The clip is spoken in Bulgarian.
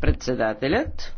Председателят